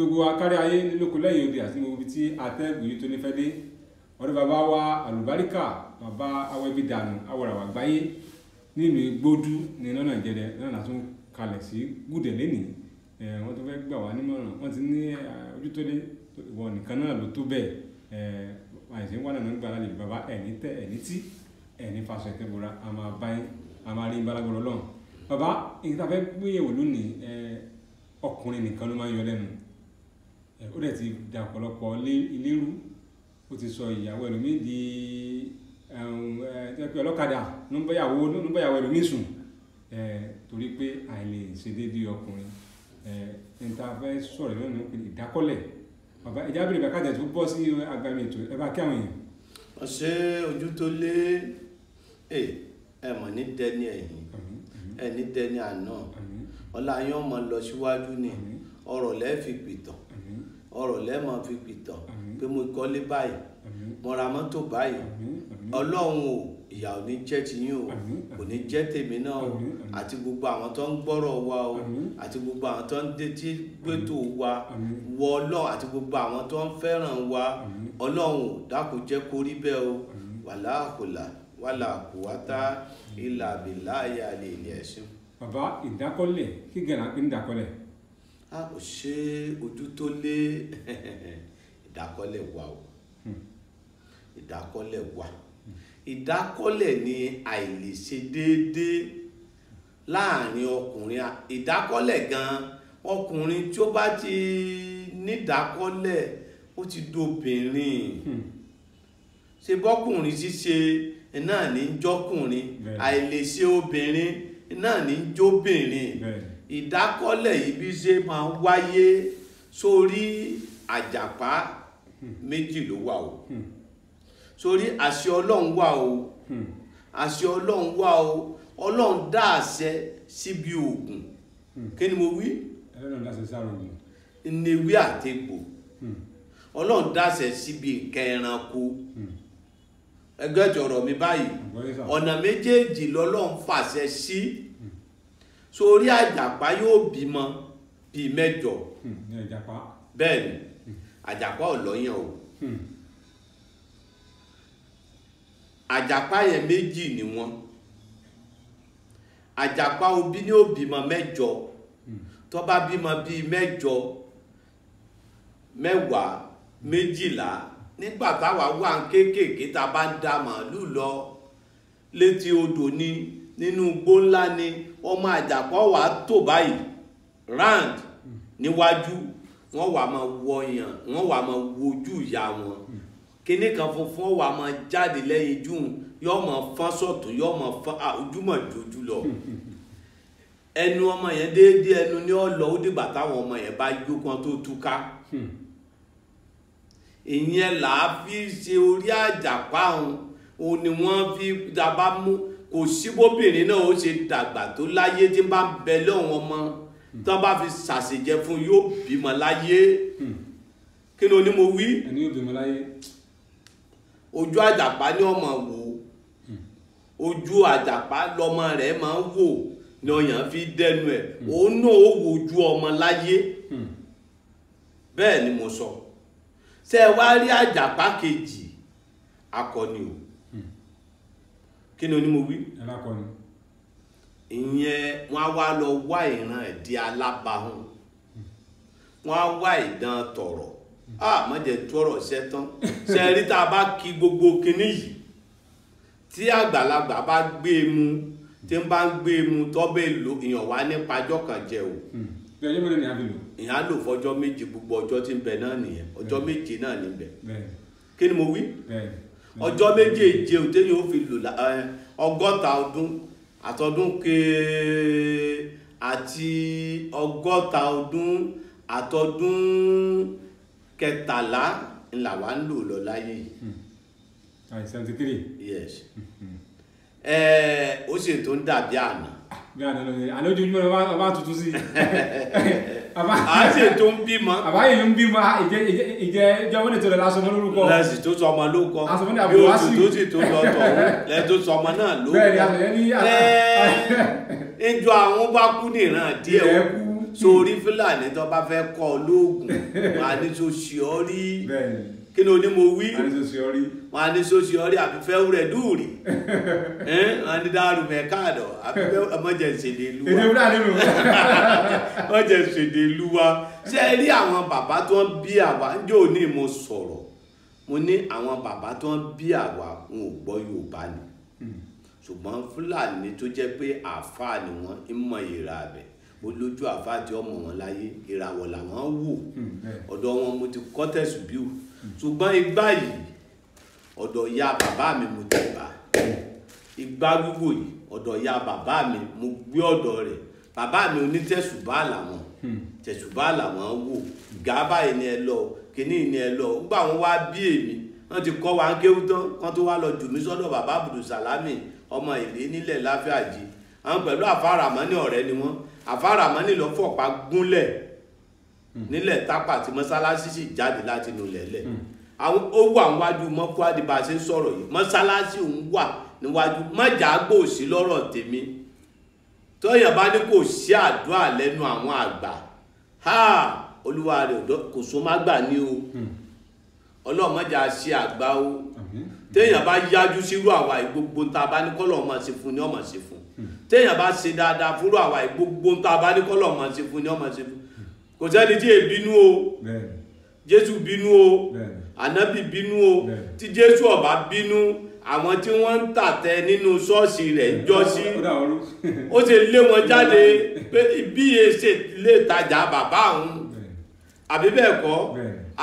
gbogbo akárí ayé nílòkó lẹ́yìn odi àti gbogbo tí atẹ́gùn yìí tó ní fẹ́ dé ọdún bàbá wa àlùbáríkà bàbá awẹ́bí dànù awọ̀ràwà gbáyé nílùú gbódú ní lọ́nà ìjẹ̀dẹ̀ lọ́nà tó ń kalẹ̀ sí gùdẹ̀ lẹ́nìí wọ́n tó fẹ́ gbà wá nímọ̀ràn wọ́n ti ní ojútólé ìwọ nìkan náà ló tó bẹ́ẹ̀ àìsí wà náà nígbà lálẹ́ bàbá ẹ̀ní tẹ́ ẹ̀ní tí ẹ̀ní faṣọ ìtẹ́bùra a máa bá yín a ọkùnrin nìkan ló máa ń yọ lẹ́nu ó dẹ̀ ti da ọ̀pọ̀lọpọ̀ ilérú ó ti sọ ìyàwó ẹlòmíì di ọlọ́kadà nígbàyàwó nígbàyàwó ẹlòmíì sùn torí pé àìlè ṣe déédéé ọkùnrin níta fẹ́ sọ̀rọ̀ lónìí ní ìpínlẹ̀ ìdákọ́lẹ̀ bàbá ìjà bèrè bàbá kàtẹ́ tó bọ́ sí agbami ètò ẹ bá kí àwọn èèyàn. ọ̀sẹ̀ ojú tó lé ẹ mọ̀ ní dẹni ẹ̀yìn ẹni dẹni àná ọ̀la yín ọmọ lọ síwájú ni ọ̀rọ̀ lẹ́ẹ̀fi pìtàn ọ̀rọ̀ lẹ́mọ̀ fi pìtàn pé mo kọ́lé báyìí mo ra mọ́tò báyìí ọlọ́run o ìyà ò ní jẹ́ tiyín o kò ní jẹ́ tèmi náà o àti gbogbo àwọn tó ń gbọ́rọ̀ wa o àti gbogbo àwọn tó ń detí gbẹ́tò wa wọ ọlọ́ àti gbogbo àwọn tó ń fẹ́ràn wa ọlọ́run o dákun jẹ́ kó rí bẹ́ẹ̀ o wàláhùlà wàláhùwátá ìlàbìláyà lè lè ẹ̀sìn. bàbá ìdákọ́lẹ̀ kí gẹ̀rà pé dákọ́lẹ̀ a kò ṣe ojú tó lé ìdákọ́lẹ̀ wà o hmm. ìdákọ́lẹ̀ wà ìdákọ́lẹ̀ ni àìlèṣe déédéé láàrin ọkùnrin ìdákọ́lẹ̀ gan-an ọkùnrin tí ó bá ti nídákọ́lẹ̀ ó ti dobìnrin hmm. ṣe bọ́kùnrin ṣíṣe náà ní jọ́kùnrin àìlèṣe obìnrin náà ní jóbìnrin. Yeah ìdákọ́lẹ̀ yìí bí ṣe máa ń wáyé sórí àjàpá méjì ló wà o hmm. sórí àṣẹ ọlọ́run wà o hmm. àṣẹ ọlọ́run wà o ọlọ́run dá àṣẹ síbi ògùn hmm. kí ni mo wí newé àtegbò ọlọ́run dáṣẹ síbi nǹkan ẹranko ẹgbẹ́ ìjọ̀rọ̀ mi báyìí ọ̀nà méjèèjì lọ́lọ́run fàṣẹ sí. Si sórí àjàpá yóò bímọ bíi mẹ́jọ bẹ́ẹ̀ hmm, ni àjàpá ọlọyàn hmm. o hmm. àjàpá yẹn méjì ni wọn àjàpá obí ni ó bímọ mẹ́jọ tó bá bímọ bíi mẹ́jọ mẹ́wàá méjìlá nígbà táwa wà ń kéékèèké tá a bá ń da màálù lọ létí odò ni nínú igbó ńlá ni ọmọ àjàpọ̀ wà tó báyìí round níwájú wọ́n wà máa wọ̀yàn wọ́n wà máa wojú ìyá wọn kíní kan funfun wà máa jáde lẹ́yìn jùn yóò máa fọ́n sọ̀tún yóò máa fọ́n ojúmọ̀ dojú lọ ẹnu ọmọ yẹn déédéé ẹnu ni ó lọ ó dìgbà táwọn ọmọ yẹn bá yó kan tó túká ìyẹn là á fi ṣe orí àjàpá òun òun ni wọ́n fi dábàá mú kò síbóbìnrin náà ó ṣe dàgbà tó láyé tí bá ń bẹ lọ́wọ́ ọmọ hmm. tó bá fi ṣàṣejẹ fún yóò bímọ láyé hmm. kí ni onímọ̀ wí. ẹni yóò bímọ láyé. ojú àjàpá ni ọmọ wò hmm. ojú àjàpá lọmọ rẹ máa ń wò ni ọyàn fi dẹnu ẹ òun náà ó wojú ọmọ láyé bẹ́ẹ̀ ni mo sọ ṣe wá rí àjàpá kejì akọni o kí ni onímọ̀ wí. ẹ̀rọ akọni. ìyẹn wọ́n á wá lọ wá ìran ẹ̀dí alábàáhùn wọ́n á wá ìdán tọ̀rọ̀ hmm. a ah, má jẹ́ tọrọ ṣẹ́ tán ṣe rí tá a bá kí gbogbo kinní yìí tí àgbàlagbà bá gbé e mu tí n bá ń gbé e mu tọ́bẹ̀ lò èèyàn wá nípa ọjọ́ kan jẹ o. Hmm. ọjọ́ mélòó ni a fi lò. èèyàn á lò fọjọ́ méje gbogbo ọjọ́ tí ń bẹ náà nìyẹn ọjọ́ méje náà ní bẹ. kí ni mo wí. bẹ́ẹ̀ ọjọ́ méjèèje òtẹ́yìn ó fi lò ọgọ́ta ọdún àtọdún kee àti ọgọ́ta ọdún àtọdún kẹtàlá ńlá wa ń lò lọ láyé yìí. Hmm. seventy three. yes hmm. ó sì tó ń dàbí àná. Ah, bí àná lójoojúmọ́ ló bá tuntun sí i. àti ètò ń bímọ. àbáyé ń bímọ ìjẹ ìjẹ wọ́n lè tó lọ lásán mọ́ lórúkọ. lẹ́sì tó sọ ọmọ ló kọ bí oṣù tó sì tó lọ tọ̀ lẹ́sì tó sọ ọmọ náà ló kọ. bẹ́ẹ̀ni àtẹ̀yẹ ní àná. ìjọ àwọn bá kú nìran díẹ̀ o sórí fúlàní tó bá fẹ́ kọ́ olóògùn wà ní tó ṣe ọ́ rí. bẹ́ẹ̀ni kí ni onímọ̀ wí wọn á ní sosiori àbí fẹ́ẹ́ rẹ̀ dùúrì wọn á ní dáàrú mẹ́kàdọ̀ àbí fẹ́ẹ́ ọmọjẹ̀sẹ̀dẹ̀ lúwa ọmọjẹ̀sẹ̀dẹ̀ lúwa ṣe rí àwọn bàbá tó ń bí àwa ǹjẹ́ òní mo sọ̀rọ̀ mo ní àwọn bàbá tó ń bí àwa n ò gbọ́ Yorùbá ni hmm. ṣùgbọ́n Fúlàní tó jẹ́ pé àáfàá ni wọ́n mọ ìra bẹ̀ olójú ọmọ wọn láyé ìràwọ̀ làwọn wò hmm, ọ̀dọ̀ wọn mo ti kọ́ tẹ̀sùbíù ṣùgbọ́n igbá yìí ọ̀dọ̀ ya bàbá mi mo ti gbà igbá gbogbo yìí ọ̀dọ̀ ya bàbá mi mo gbé ọ̀dọ̀ rẹ̀ bàbá mi onítẹ̀sùbá làwọn tẹ̀sùbá làwọn wò gàbá yìí ni ẹ lọ kíní ni ẹ lọ nígbà wọn wá bí èmi wọn ti kọ́ wa ń kéwú tán wọn tó wá lọ jù mí sọ́dọ̀ bàbá Abdulsalami ọmọ ìlé nílẹ̀ láfíàjì àwọn pẹ̀lú àfáramọ́ni ọ̀rẹ́ ni wọ́n àfáramọ́ni lọ́fọ̀pá gúnlẹ̀ nílẹ̀ tápà tí mọ́sálásí sì jáde láti inú lẹ́lẹ̀ hmm. ó wà níwájú mọ́kúádìí bá a ṣe ń sọ̀rọ̀ yìí mọ́sálásí òun wà níwájú mọ́jà gbòòsí lọ́rọ̀ tèmi tọ́yàn bá ní kò sí àdúrà lẹ́nu àwọn àgbà ha olúwa rẹ̀ kò so má gbà ní o hmm. ọlọ́mọjà ṣe àgbà o téèyàn bá yájú sírú àwa ìgbogbo ta bá ní kọ́lọ̀ ọmọ sí fún ni ọmọ sí fún hmm. téèyàn bá ṣe dáadáa fúrú àwa ìgbogbo ta bá ní kọ́lọ̀ ọmọ sí fún ni ọmọ sí fún kò sẹ́ni tí èé o jésù bínú o ànábì bínú o tí jésù ọba bínú àwọn tí wọ́n ń tàtẹ nínú ṣọ́ọ̀ṣì rẹ̀ ń jọ́sí ó sì lé wọn jáde pé bí e ṣe lè tajà bàbá òun àbí bẹ́ẹ̀ kọ́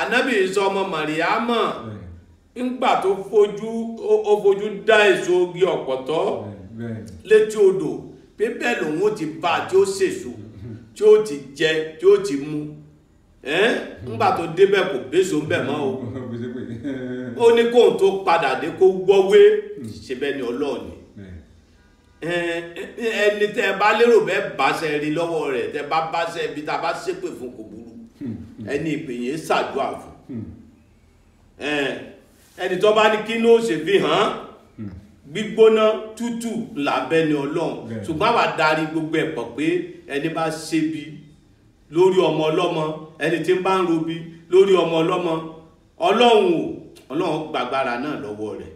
ànábì sọ ọmọ màríámọ̀ ńgbà tó fojú ó fojú dá èso ogi ọ̀pọ̀tọ́ létí odò pé bẹ́ẹ̀ lòun ó ti bá tí ó ṣèṣù tí ó ti jẹ tí ó ti mu ńgbà tó débẹ̀ kò bẹ́sọ bẹ̀ mọ́ o ó ní kóhun tó padà dé kó gbọ́wé ṣe bẹ́ẹ̀ ni ọlọ́ọ̀ni ẹni tẹ́ bá lérò bẹ́ẹ̀ báṣẹ rí lọ́wọ́ rẹ̀ tẹ́ bá báṣẹ ibi tá bá ṣépè fún kò burú hmm. ẹni ìpèyè ṣàdúrà fún hmm. ẹni tó bá ní kí ní ó ṣe fi hàn án gbígbóná tútù làbẹ́ ni ọlọ́run ṣùgbọ́n àwa darí gbogbo ẹ̀pọ̀ pé ẹni bá ṣe bí lórí ọmọ ọlọ́mọ ẹni tí ń bá ń robi lórí ọmọ ọlọ́mọ ọlọ́run ò ọlọ́run gbàgbára náà lọ́wọ́ rẹ̀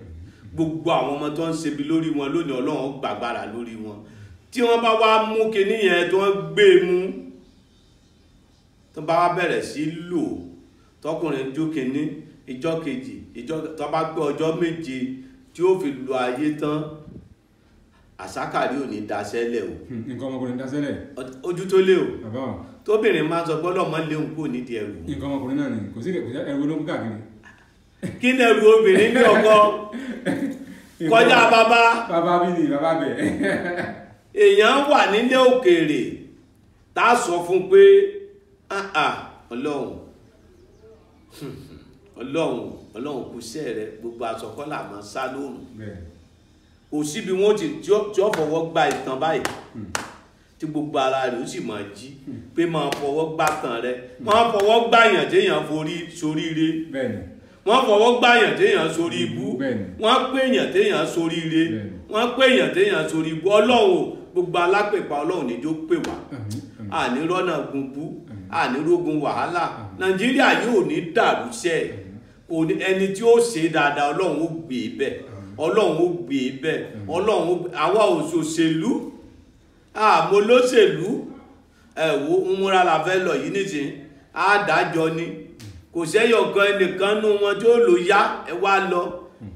gbogbo àwọn ọmọ tó ń ṣe bí lórí wọn lónìí ọlọ́run gbàgbára lórí wọn tí wọ́n bá wá mú kinní yẹn tí wọ́n gbé e mú tó bá wá bẹ̀rẹ̀ sí lò tọkùnrin jó kinní ìjọ kejì ìjọ tó bá gbé ọjọ́ méje tí ó fi lo ayé tán àṣàkàrí ò ní daṣẹ́lẹ̀ o. Hmm, nǹkan ọmọkùnrin daṣẹ́lẹ̀. ojú tó lé o. bàbá o. tóbìnrin máa ń sọ gbọ́dọ̀ mọ́ léwu kò nídìí ẹrù. nǹkan ọmọkùnrin náà ni kò sí ẹrù ló ń káàkiri. kí ni ẹrù obìnrin ní ọkọ kọjá bàbá. bàbá mi ni bàbá bẹ. èèyàn wà nílé òkèèrè tá a sọ fún pé ọlọ́run hmm ọlọ́run ọlọ́run kò sẹ́ rẹ gbogbo aṣọ kọ́là máa sá lóòrùn kò síbi wọn ti tí ó fọwọ́ gba ìtàn báyìí hmm. tí gbogbo ara rẹ ó sì máa jí hmm. pé máa fọwọ́ gbá tàn rẹ máa fọwọ́ gbàyàn téèyàn forí soríire wọ́n fọwọ́ gbàyàn téèyàn sórí ibú wọ́n péyàn téèyàn sórí ire wọ́n péyàn téèyàn sórí ibú ọlọ́run gbogbo alápèpá ọlọ́run níjó pè wá àní rọ́nà gunbú àní rógun wàhálà nàìjíríà yóò ní dàrú sẹ́ẹ̀ òní ẹni tí ó ṣe dáadáa ọlọ́run ó gbé e bẹ́ẹ̀ ọlọ́run ó gbé e bẹ́ẹ̀ ọlọ́run ó àwa òṣòṣèlú àmọ́ olóṣèlú ẹ̀wò ń múra la fẹ́ lọ yìí nísìnyí àádájọ ni kò sẹ́yọ̀ kan ẹnìkan nú wọn tí ó lò yá ẹ wá lọ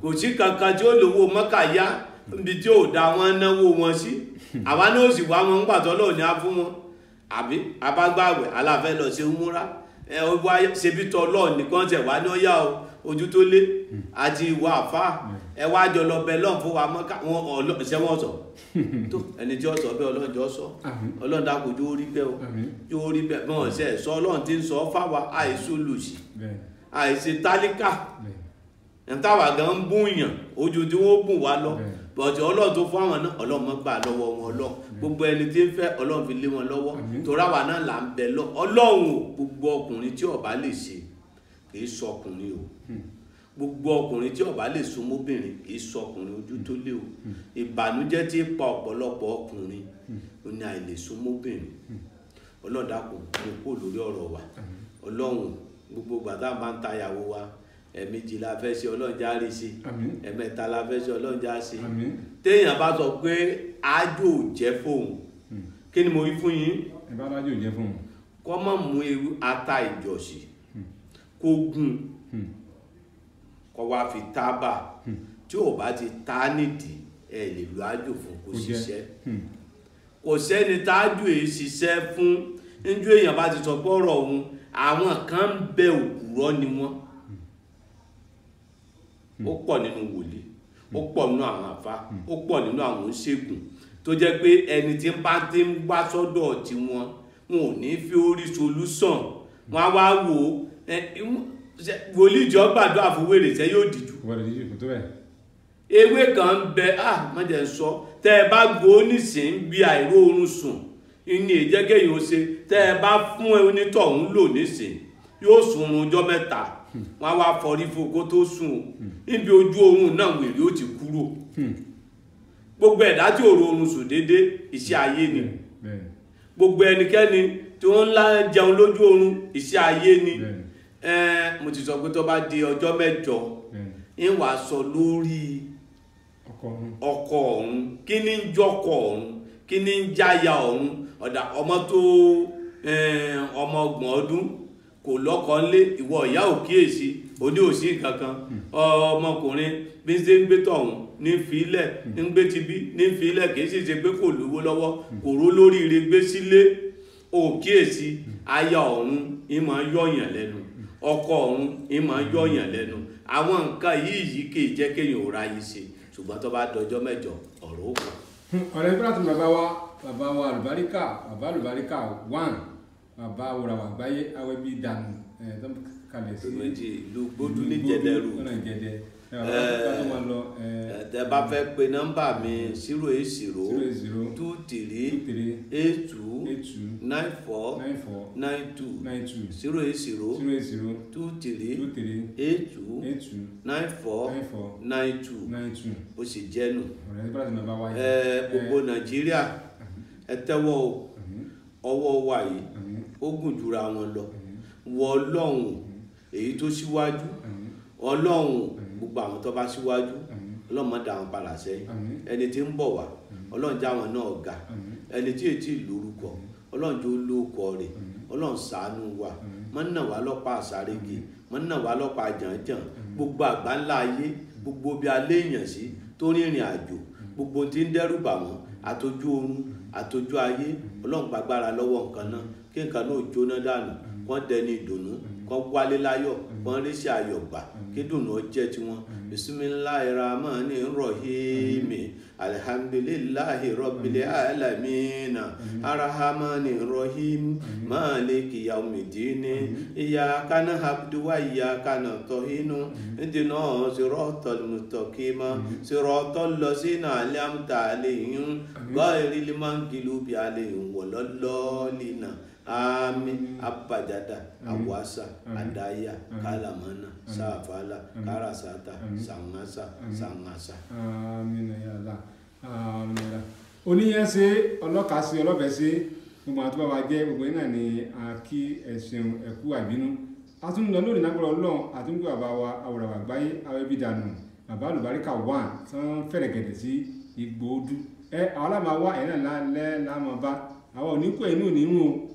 kò sí kankan tí ó lówó mọ́kà yá níbi tí ò dá wọn náwó wọn sí àwa náà sì wá wọn ń pàtọ́ lọ́ọ̀ ní á fún wọn àbí abágbàwẹ̀ aláfẹ́ lọ sí ń ẹ wá ṣebí tọ ọlọ́ọ̀ nìkan tẹ̀ wá ní ọ̀yà o ojú tó lé àti ìwà àfá ẹ wá jọ lọ bẹ lọ́n fún wa mọ́ká wọn ṣe wọ́n sọ tó ẹni tí ó sọ bẹ́ẹ̀ ọlọ́run jọ sọ ọlọ́run dákò jó rí bẹ́ẹ̀ o jó rí bẹ́ẹ̀ bọ́n ṣe sọ ọlọ́run ti ń sọ fáwa àìsí olùsì àìsí tálíkà nítawà gan ń bùn yàn ojú tí wọ́n bùn wá lọ bọ̀tí ọlọ́run tó fún àwọn náà ọlọ́run mọ́ gbà lọ́wọ́ wọn ọlọ́run gbogbo ẹni tí ń fẹ́ ọlọ́run fi lé wọn lọ́wọ́ torá wa náà là ń bẹ lọ ọlọ́run o gbogbo ọkùnrin tí ó bá lè ṣe kì sọkùnrin o hmm. gbogbo ọkùnrin tí ó bá lè súnmọ́bìnrin kì sọkùnrin ojú tó lé o hmm. Hmm. ìbànújẹ́ tí ń pa ọ̀pọ̀lọpọ̀ ọkùnrin ó ní àìlè súnmọ́bìnrin ọlọ́dàkùn mo kó lórí ọ̀rọ̀ wa ọlọ́run gbogbo gbàdá máa ń tayàwó wa ẹ̀ẹ̀mejì la fẹ́ ṣe ọlọ́run já rí sí ẹ̀ẹ̀mẹ́ta la fẹ́ ṣe ọlọ́run já sí téèyàn bá sọ pé ájò jẹ́ fóun hmm. kí ni mo wí fún yín ìbádájò jẹ́ fóun kọ́ mọ̀ mú ewu ata ìjọ̀sí hmm. kó gún hmm. kọ́ wá fi tábà tí ò bá ti ta nídìí ẹ lè lo ájò fún kó ṣiṣẹ́ kò sẹ́ni tájò èyí ṣiṣẹ́ fún níjú èèyàn bá ti sọ pọ́rọ̀ òun àwọn kan ń bẹ òkúrọ́ ni wọ́n ó pọ̀ nínú wòlíì ó pọ̀ nínú àwọn àfa ó pọ̀ nínú àwọn oníṣègùn tó jẹ́ pé ẹni tí ń bá ti ń wá sọ́dọ̀ tiwọn wọn ò ní fi orí solúsàn wọn á wá wò ó wòlíì jọ gbàdúrà fún wèrè sẹ́ yóò dìjú. ewé kan ń bẹ ah má jẹ́ sọ tẹ́ ẹ bá gbó nísìnyí bí àìró oorun sùn ní ìjẹ́gẹ́ yìí ó ṣe tẹ́ ẹ bá fún onítọ̀hún lò nísìnyí yóò sùn oorun ọjọ́ mẹ́ta wọn á wá fọrí fún kó tó sùn o níbi ojú oorun náà wèrè ó ti kúrò gbogbo ẹ̀dá tí òru oorun sùn déédéé iṣẹ́ ayé ni gbogbo ẹnikẹ́ni tí wọ́n ń lá jẹun lójú oorun iṣẹ́ ayé ni mo ti sọ pé tó bá di ọjọ́ mẹ́jọ ń wà sọ lórí ọkọ ọ̀run kí ni ń jọkọ ọ̀run kí ni ń jáya ọ̀run ọ̀dà ọmọ tó ọmọ ọgbọ̀n ọdún kò lọ́kọ̀ lé ìwọ ìyá ò kíyèsí òní ò sí kankan ọmọkùnrin bí ṣe ń gbé tọ̀hún ní fílẹ̀ ń gbé ti bí ní fílẹ̀ kì í sì ṣe pé kò lówó lọ́wọ́ kò ró lóríire gbé sílé ò kíyèsí aya ọ̀run ìmọ̀ yọ̀yàn lẹ́nu ọkọ ọ̀run ìmọ̀ yọ̀yàn lẹ́nu àwọn nǹkan yìí yìí kì í jẹ́ kéèyàn ò ráyè ṣe ṣùgbọ́n tó bá dọjọ́ mẹ́jọ ọ̀rọ̀ òkú. ọ̀rẹ́ bí wọ́n ti bàbá wa bàbá wa àlùbáríkà bàbá àlùbáríkà one bàbá awòràwà àgbáyé awẹ́ bíi dànù tó ń kalẹ̀ sí ìlú gbódú ní jẹ́dẹ̀ rò tẹ bá fẹ́ pe nọ́mbà mi zero eight zero two three eight two nine four nine two zero eight zero two three eight two nine four nine two ó sì jẹ́nu gbogbo nàìjíríà ẹ tẹ́wọ́ ọwọ́ wa yìí. ó gùn jura wọn lọ mm-hmm. wọ ọlọ́run mm-hmm. èyí tó síwájú mm-hmm. ọlọ́run gbogbo àwọn tó bá síwájú ọlọ́run má dá wọn padà sẹ́yìn ẹni tí ń bọ̀ wá ọlọ́run já wọn náà ga ẹni tí èyí tí lórúkọ ọlọ́run jó lóòkọ rẹ̀ ọlọ́run ṣàánú wa má nà wá lọ́pàá àsárége má nà lọ́pàá jàǹjàǹ gbogbo àgbáńlá ayé gbogbo bí alẹ́ èèyàn sí tó rìnrìn àjò gbogbo tí ń dẹ́rù bà wọ́n àtọjú oorun àtọjú ayé ọlọ́run gbàgbára lọ́wọ́ nǹkan náà kí nǹkan náà jóná dànù kán dẹni ìdùnnú kán wálé láyọ̀ kán ríṣẹ́ ayọ̀ gbà kí dùnnú jẹ́ tiwọn bisimilayi rahman ni rahimi. Mm -hmm alhamdulillahi rabbil alamin arahamani rahim maliki yawmidini iyyaka na'budu wa iyyaka nasta'in ihdina siratal mustaqim siratal ladzina an'amta alaihim ghayril maghdubi alaihim waladdallin ami apajada mm. awasa mm. Mm. adaya kalamana safala karasata sangasa sangasa. àmín ya Allah àmín ya Allah oníyẹn ṣe ọlọ́kà ṣe ọlọ́bẹ̀ ṣe gbogbo àwọn tó bá wa jẹ́ gbogbo yín náà ni a kí ẹ̀sìn ẹ̀kú àbínú a tún lọ lórí nágbọ́dọ̀ ọlọ́run àtúntò àbá wa àwòrán àgbáyé awẹ́bí dànù bàbá olùbáríkà wà tán fẹ̀rẹ̀gẹ̀dẹ̀ sí igbó dú ẹ àwọn aláàmà wà ẹ̀ náà lẹ́ẹ̀ láàmà àwọn oníkó ẹ̀ náà nínú o